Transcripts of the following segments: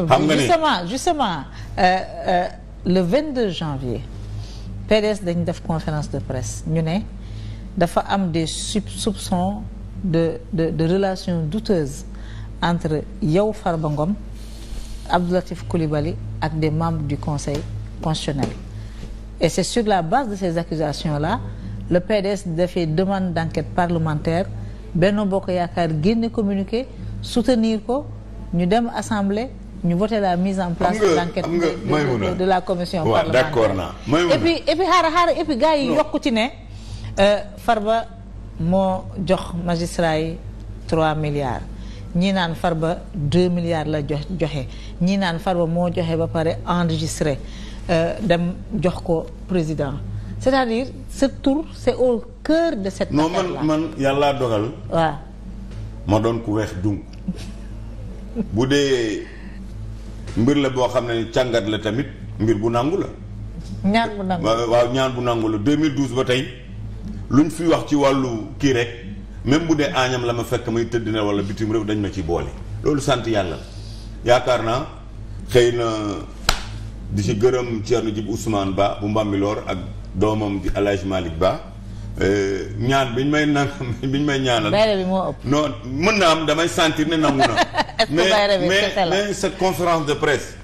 Euh, xam nga ni justement justement euh, euh, le 22 janvier PDS dañ def conférence de presse ñu ne dafa am des soupçons de de de relations douteuses entre yow Farba Ngom Abdoulatif Coulibaly ak des membres du conseil constitutionnel et c'est sur la base de ces accusations là le PDS dafay demande d'enquête parlementaire Benno Bokk Yaakaar génne communiqué soutenir ko ñu dem assemblée ñu voté la mise en place. de l'enquête de, de la commission parlementaire d'accord naa et puis et puis xaaral xaaral et puis gars yi yokk ci ne. Euh, Farba moo jox magistrat yi 3 milliards ñii naan Farba 2 milliards la jox joxe ñii naan Farba moo joxe ba pare enregistré euh, dem jox ko président c'est-à-dire ce tour c'est au cœur de cette. non man man yàlla dogal. waaw. ma doon ku weex dung bu dee. mbir la boo xam ne càngat la tamit mbir bu nangu la. ñaan bu nangu la waaw ñaan bu nangu la 2012 ba tey luñ fi wax ci wàllu kii rek même bu dee aañam la ma fekk may tëdd na wala bitim réew dañ ma ci boole. loolu sant yàlla yaakaar naa xëy na di ci gërëm Thierno Djib Ousmane Ba bu Mbambilor ak doomam di El Hadj Malick Ba. Euh, ñaan biñ may nang biñ may ñaanal. benn bi moo ëpp. non mën na am damay sentir ne nangu na. est mais, que Baye Rewmi kese la mais cette conférence de presse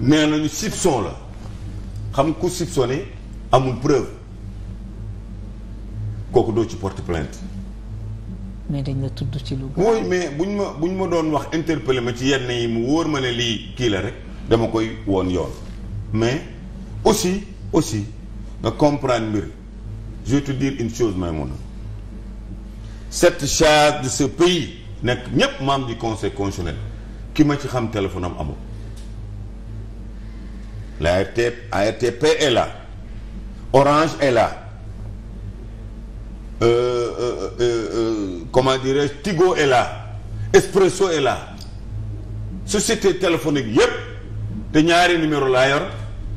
nee nañu soupçon la xam ku soupçonné amul preuve kooku doo ci porte plainte mais dañ la tudd ci lu. oui mais buñ ma buñ ma doon wax interpellé ma ci yenn yi mu wóor ma ne lii kii la rek dama koy woon yoon mais aussi aussi nga comprendre mbir je vais te dire une chose Maïmouna cette charge de ce pays. nekk ñépp membre du conseil constitutionnel ki ma ci xam téléphone am amul l'ART ARTP est là Orange est là euh, euh, euh, comment dirais Tigo est là Expresso est là société téléphonique yépp te ñaari numéro laa yor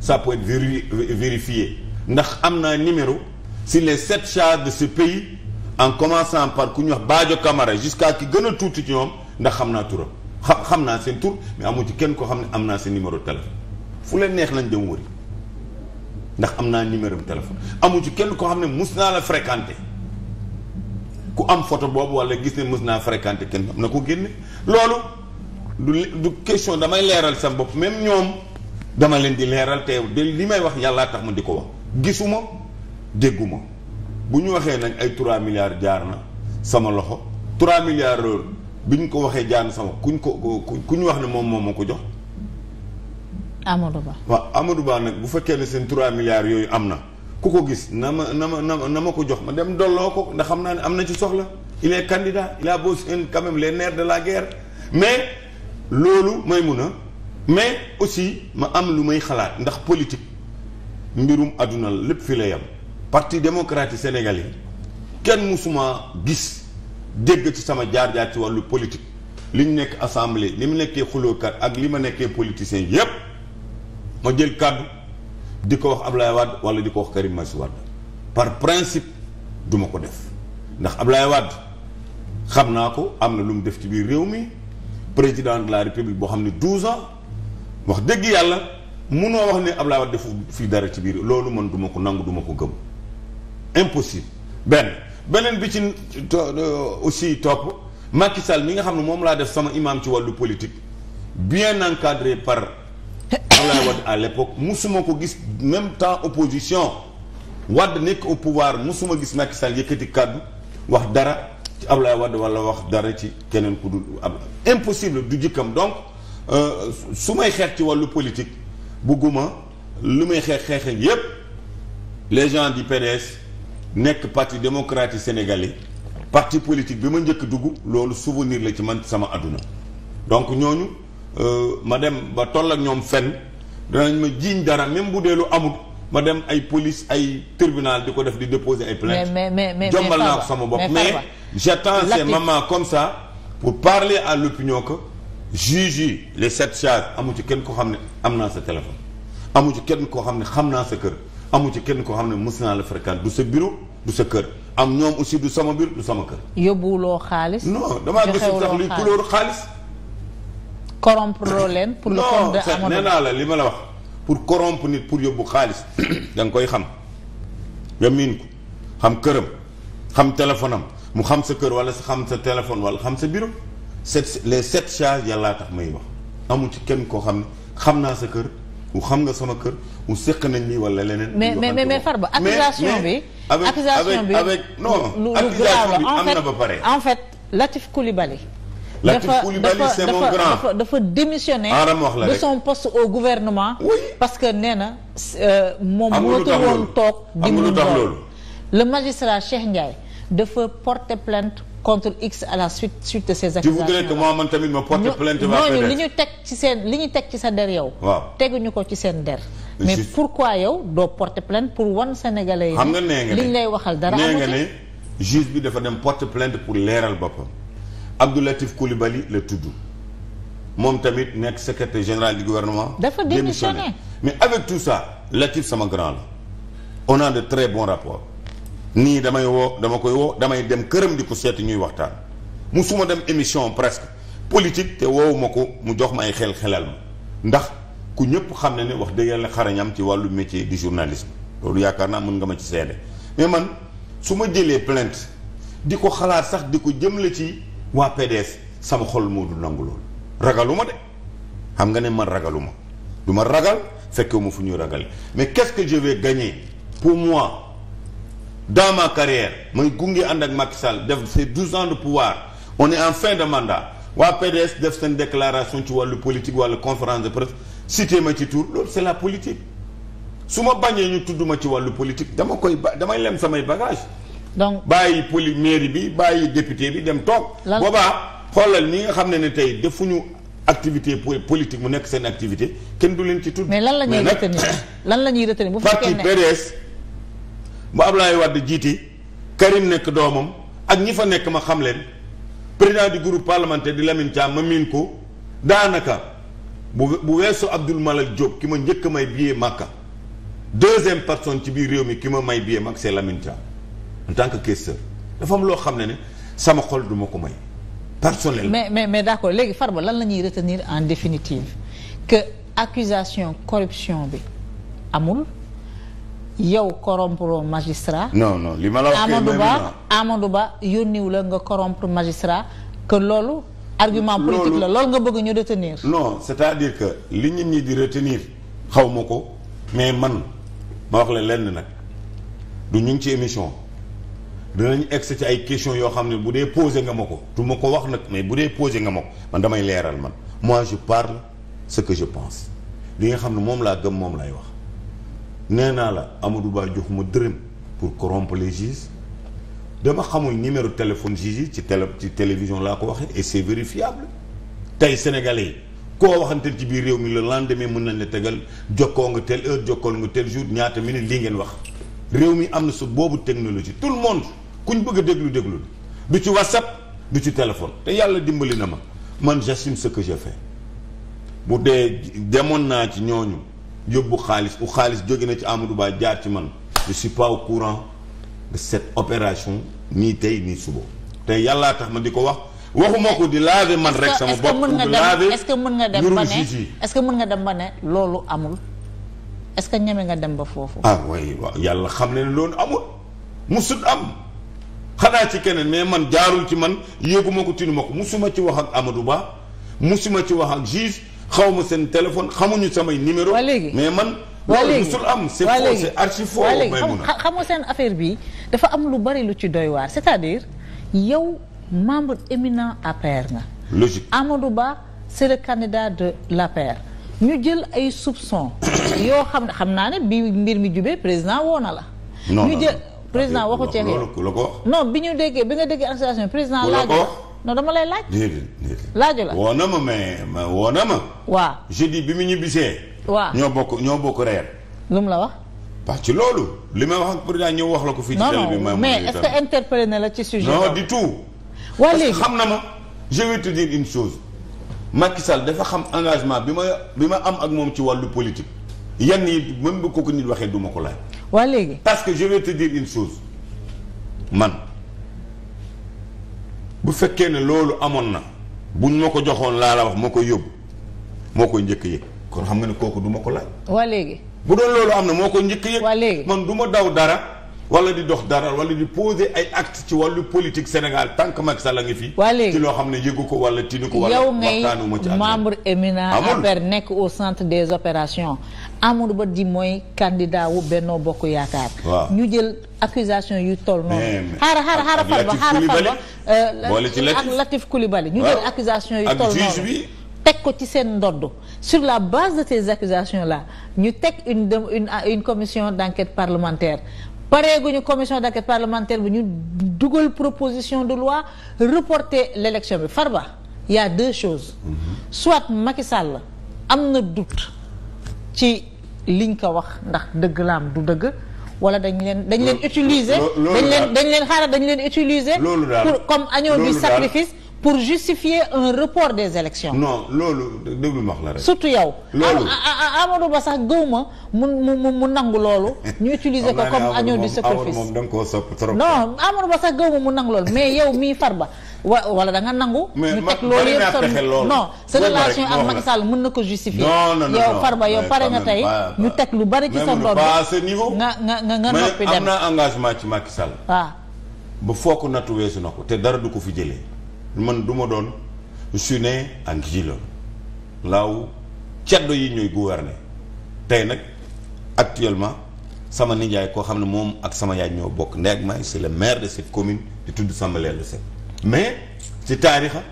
ça peut être ndax am naa numéro si les sept chars de ce pays en commençant par ku ñu wax kamara Camara jusqu'à ki gën a tuuti ci ñoom ndax xam naa turam xam xam naa seen tur mais amu ci kenn ko xam ne am naa seen numéro téléphone fu leen neex lañ dem wëri ndax am naa numéro téléphone amu ci kenn ko xam ne mus naa la fréquenter ku am photo boobu wala gis ne mus naa fréquenter kenn am na ko génne loolu du du question damay leeral sa bopp même ñoom dama leen di leeral te li may wax yàllaa tax ma di ko wax gisuma dégguma bu ñu waxee nag ay 3 milliards jaar na sama loxo 3 milliards bi ñu ko waxee jaar na sama kuñ ko ku ku ñu wax ne moom moom ma ko jox. Amadou Ba waaw Amadou Ba nag bu fekkee ne seen 3 milliards yooyu am na ku ko gis na ma na ma na ma ko jox ma dem dolloo ko ndax xam naa ne am na ci soxla il est candidat il a bossé quand même les de la guerre mais loolu may mun a mais aussi ma am lu may xalaat ndax politique mbirum àdduna la lépp fi la am. parti démocratique sénégalais kenn mosuma gis dégg ci sama jaar-jaar ci wàllu politique li ñu nekk assemblée li mu nekkee xuloo xulookat ak li ma nekkee politicien yépp ma jël kàddu di ko wax Ablaye Wade wala di ko wax Karim Meïssa Wade par principe duma ko def ndax Ablaye Wade xam naa ko am na lu mu def ci biir réew mi président de la république boo xam ne douze ans wax dëgg yàlla munoo wax ne Ablaye Wade defu fii dara ci biir loolu man duma ko nangu duma ko gëm impossible benn beneen bi ci aussi topp Macky Sall mi nga xam ne moom laa def sama imam ci wàllu politique bien encadré par Abdoulaye Wade à l'époque musuma ko gis même temps opposition Wade nekk au pouvoir musuma gis Macky Sall yëkkati kàddu wax dara ci Abdoulaye Wade wala wax dara ci keneen ku dul ab impossible du jëkkam donc euh, su may xeex ci wàllu politique bugguma lu may xeex xeexee yépp les gens du PDS nekk parti démocratique sénégalais parti politique bi ma njëkk dugg loolu souvenir la ci man sama àdduna donc ñooñu euh, ma dem ba toll ak ñoom fenn danañ ma jiiñ dara même bu dee lu amul ma dem ay police ay tribunal di ko def di déposer ay plainte jombal naa ko sama bopp mais j'attends ces moments comme ça pour parler à l'opinion ko juge yi les sept charges amu ci kenn ko xam ne am naa sa téléphone amu ci kenn koo xam ne xam naa sa kër amu ci kenn koo xam ne mës naa la fréquente du sa biro du sa kër am ñoom aussi du sama biir du sama kër. yóbbuwuloo xaalis. non damaa gisul sax luy couleur xaalis. corrompre loo leen. pour le compte li ma la wax pour corrompre nit pour yóbbu xaalis da nga koy xam nga miin ko xam këram xam téléphone mu xam sa kër wala xam sa téléphone wala xam sa bureau sept les sept charges yàllaa tax may wax amul ci kenn koo xam ne xam naa sa kër. ou xam nga sama kër ou séq nañ ni wala leneen. mais mais mais Farba accusation bi. accusation bi avec non accusation bi am na ba pare. en fait Latif Coulibaly. Latif Coulibaly c'est mon grand dafa dafa démissionné. de son poste au gouvernement. parce que nee na. Euh, moom mënatu woon toog. di mu le magistrat Cheikh Ndiaye dafa porter plainte. contre X à la suite suite de ces accusations. tu voudrais tamit ma porte plainte. ñooñu li ñu teg ci seen li ñu teg ci sa der yow. waaw ñu ko ci seen der. mais pourquoi yow doo porte plainte pour wan sénégalais yi. xam nga nee nga ne liñ lay waxal dara. nee nga ne juge bi dafa dem porte plainte pour leeral boppam. Abdou Latif Coulibaly la tudd moom tamit nekk secrétaire général du gouvernement. dafa démissionné mais avec tout ça Latif sama grand la on a de très bons rapports. nii damay woo dama koy woo damay dem këram di ko seetu ñuy waxtaan musuma dem émission presque politique te woowuma ko mu jox ma ay xel xelal ma ndax ku ñëpp xam ne ne wax dëgg yàlla xarañam ci wàllu métier di journalisme loolu yaakaar naa mën nga ma ci seede mais man su ma jëlee plainte di ko xalaat sax di ko jëmle ci waa PDS sama xol moo du nangu loolu ragaluma de xam nga ne man ragaluma du ma ragal fekkewuma fu ñuy ragal mais qu'est-ce que je vais dans ma carrière may gunge ànd ak Macky Sall def ces douze ans de pouvoir on est en fin de mandat waa PDS def seen déclaration ci wàllu politique walla conférence de presse cité ma ci tur loolu c'est la politique su ma bañee ñu tudduma ci wàllu politique dama koy ba damay lem samay bagage donc bàyyi poli mairie bi bàyyi député bi dem toog. boobaa xoolal ñi nga xam ne ne tey defuñu activité politique mu nekk seen activité kenn du leen ci tudd. mais lan la ñuy lan la ñuy mu bu Ablaye Wade jiite Karim nekk doomam ak ñi fa nekk ma xam leen président du groupe parlementaire di Lamine Thiam ma miin ko daanaka bu bu weesu Abdoul Malak Diop ki ma njëkk may billet Makka deuxième personne ci biir réew mi ki ma may billet mag c'est Lamine Thiam en tant que questeur dafa am loo xam ne ne sama xol duma ko may personnellement. mais mais mais d'accord léegi Farba lan la ñuy retenir en définitive que accusation corruption bi amul. yow corrompre magistrat. non non li ma la wax Amadou Ba Amadou Ba yónniwu la nga corrompre magistrat que loolu. argument politique la loolu nga bëgg ñu retenir. non c'est-à-dire que li nit ñi di retenir xaw ma ko mais man ma wax la lenn nag du ñu ngi ci émission dinañ egg ci ay questions yoo xam ne bu dee posé nga ma ko du ma ko wax nag mais bu dee posé nga ma ko man damay leeral man mois je parle ce que je pense li nga xam ne moom laa gëm moom laay wax. nee naa la Amadou Ba jox ma dërëm pour corrompre les juges dama xamul numéro téléphone gis yi ci télé ci télévision laa ko waxee et c'est vérifiable tey sénégalais yi koo waxante ci biir réew mi la le demee mën nañ la tegal jokkoo nga telle heure jokkool nga tel jour ñaata minute lii ngeen wax réew mi am na su boobu technologie tout le monde kuñ bëgg a déglu déglu du ci whatsapp du ci téléphone te yàlla dimbali na ma man j'assume ce que j'ai bu dee demoon naa ci ñooñu yóbbu xaalis bu xaalis jóge na ci Amadou jaar ci man je suis pas au courant set cette opération nii tey nii suba te yàllaa tax ma di ko wax waxuma ko di laver man rek sama bopp di laver est-ce que mën nga dem ba ne est-ce nga dem ba ne loolu amul est-ce que ñeme nga dem ba foofu ah oui waaw yàlla xam ne ne loolu amul musut am xanaa ci keneen mais man jaarul ci man yéeguma ko tinuma ko musuma ci wax ak Amadou Ba musuma ci wax ak juge xaw ma seen téléphone xamuñu samay numéro mais man waa léegi sul am c'est faux c'est archi faux xam nga seen affaire bii dafa am lu bari lu ci doy waar c'est-à-dire yow membre éminent APR nga logique Ba c'est le candidat de l'APR ñu jël ay soupçons yoo xam ne xam naa ne bi mbir mi jubee président woo na la ñu jël président waxu ceex non bi ñu déggee bi nga déggee association président laa non dama lay laaj. laaju la woo na ma mais ma woo na ma. waaw jeudi bi mu ñibbisee. waaw ñoo bokk ñoo bokk reer. lu mu la wax. parce que loolu li may wax ak président ñëw wax la ko. fii ci bi ma mais est-ce que interpellé na la ci sujet. non du tout. xam na ma je vais te dire une chose Macky dafa xam engagement bi ma bi ma am ak moom ci wàllu politique yan yi même bu ko ko nit waxee duma ko laaj. waa léegi parce que je vais te dire man. bu fekkee ne loolu amoon na buñ ma ko joxoon laa la wax moo koy yóbbu moo koy njëkk yëg kon xam nga ne kooku duma ko laaj. waa léegi. bu doon loolu am na moo koy njëkk yëg. waa léegi man du daw dara. wala di dox dara wala di poser ay acte ci wàllu politique Sénégal tant que Macky Sall a fi. waa ci loo xam ne yëgu ko wala tinu ko. wala waxtaanu ma ci yow ngay nekk au centre des opérations. Amadou Ba di mooy candidat wu Benno Bokk Yaakaar. ñu jël accusation yu toll noonu. xaaral xaaral xaaral ba xaaral ba boole ci Latif Latif Coulibaly. ñu jël accusation yu toll noonu teg ko ci seen ndodd sur la base de ces accusations là ñu teg une une une commission d' enquête parlementaire. pareeguñu commission d'enquête parlementaire bi ñu dugal proposition de loi reporter l'élection bi Farba il y a deux choses soit Macky la am na doute ci liñ ko wax ndax dëgg laam du dëgg wala dañ leen dañ leen utiliser dañ leen dañ leen xaaral dañ leen utiliser pour comme agneau du sacrifice pour justifier un report des élections non loolu déglu ma la rek. surtout yow. loolu Amadou Ba sax gëw ma mu mu mu nangu loolu. ñu utiliser ko comme agneau du sacrifice moom da nga koo sopp trop. non Ba sax gëw mu nangu loolu mais yow mii Farba wa wala da nangu. ñu teg sa mën na ko justifier. yow Farba yow pare nga tey ñu teg lu bari ci sa ndodd. nga nga nga nga noppi dem mais naa engagement ci Macky Sall. waaw. Ah. ba foo ko nattu weesu na ko te dara du ko fi jëlee. man du ma doon je suis né en Giloon laaw ceddo yi ñooy gouverner tey nag actuellement sama nijaay koo xam ne moom ak sama yaay ñoo bokk ndey ak maay c'est le maire de cette commune di tudd sama Leelo Seck mais ci taarixa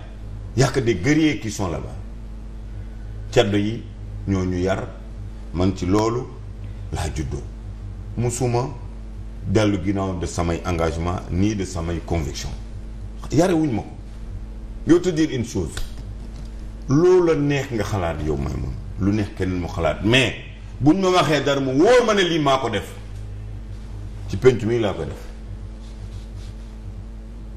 y a que des guerriers qui ceddo yi ñoo ñu yar man ci loolu laa juddoo musuma dellu ginnaaw de samay engagement nii de samay conviction yarewuñ ma ko yow te dire une chose loolu la neex nga xalaat yow may moom lu neex kenn mu xalaat mais buñ ma waxee dara mu wóor ma ne lii maa ko def ci penc mi laa ko def.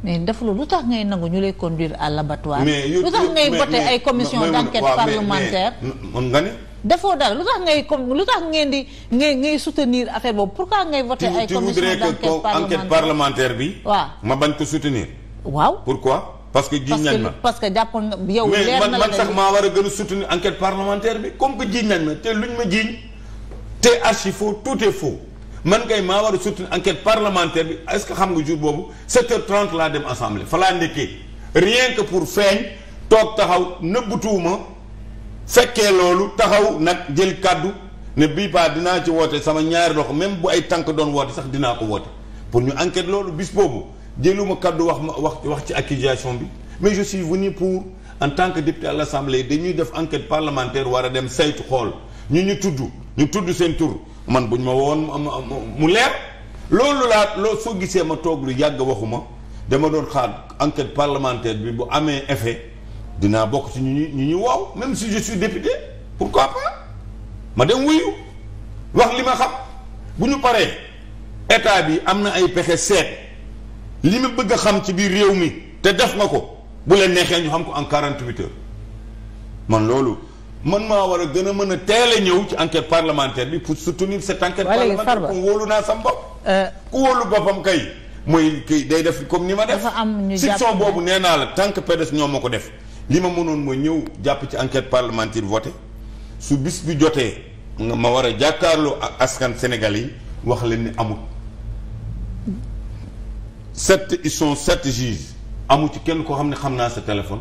mais def lu tax ngay nangu ñu lay conduire à l'abattoir. mais lu tax ngay voté ay commission d'enquête parlementaire. mais nga ne. defoo dara lu tax ngay comme ngeen di ngay ngay soutenir affaire boobu pourquoi ngay voté ay commission d'enquête parlementaire enquête bi. waaw ma bañ ko soutenir. waaw pourquoi. parce que jiiñ nañ ma parce que jàppoon na leer na la man sax maa war a gën a soutenir enquête parlementaire bi comme que jiiñ nañ ma te luñ ma jiiñ te archi faux tout est faux man kay maa war a soutenir enquête parlementaire bi est ce que xam nga jur boobu 7h30 laa dem assemblée fa laa ndekkee rien que pour feeñ toog taxaw nëbbutuwuma fekkee loolu taxaw nag jël kàddu ne bii paa dinaa ci woote sama ñaari loxo même bu ay tànk doon woote sax dinaa ko woote pour ñu enquête loolu bis boobu. jëluma kàddu wax ma wax wax ci accusation bi mais je suis venu pour en tant que député à l'Assemblée dañuy def enquête parlementaire war a dem saytu xool ñu ñu tudd ñu tudd seen tur man buñ ma woon mu leer loolu laa loo soo gisee ma toog lu yàgg waxuma dama doon xaar enquête parlementaire bi bu amee effet dinaa bokk ci ñu ñu ñu waaw même si je suis député pourquoi pas ma dem wuyu wax li ma xam bu ñu paree état bi am na ay pexe seet li ma bëgg a xam ci biir réew mi te def nga ko bu leen neexee ñu xam ko en quarante huit man loolu man maa war a gën a mën a teel a ñëw ci enquête parlementaire bi pour soutenir cette enquête parlementaire kon wóolu naa sam bopp euh, ku wóolu boppam kay mooy kay day def comme ni ma def section boobu nee naa la tant que PDS ñoo ma ko def li ma mënoon mooy ñëw jàpp ci enquête parlementaire voté su bis bi jotee nga ma war a jàkkaarloo ak askan Sénégal yi wax leen ni amul sept ils sont sept juges amu ci kenn koo xam ne xam naa sa téléphone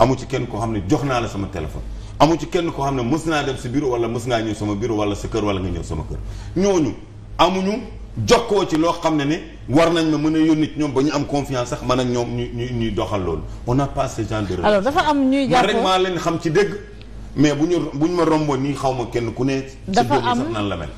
amu ci kenn koo xam ne jox naa la sama téléphone amu ci kenn koo xam ne mës naa dem si bureau wala mës ngaa ñëw sama bureau wala sa kër wala nga ñëw sama kër ñooñu amuñu jokkoo ci loo xam ne ne war nañ ma mën a yónni ñoom ba ñu am confiance sax man ak ñoom ñu ñu ñuy doxal loolu on n'a pas ce genre dafa am ñuy jàpp man rek leen xam ci dégg mais bu ñu bu ñu ma romboon nii xaw ma kenn ku ne. dafa am la mel.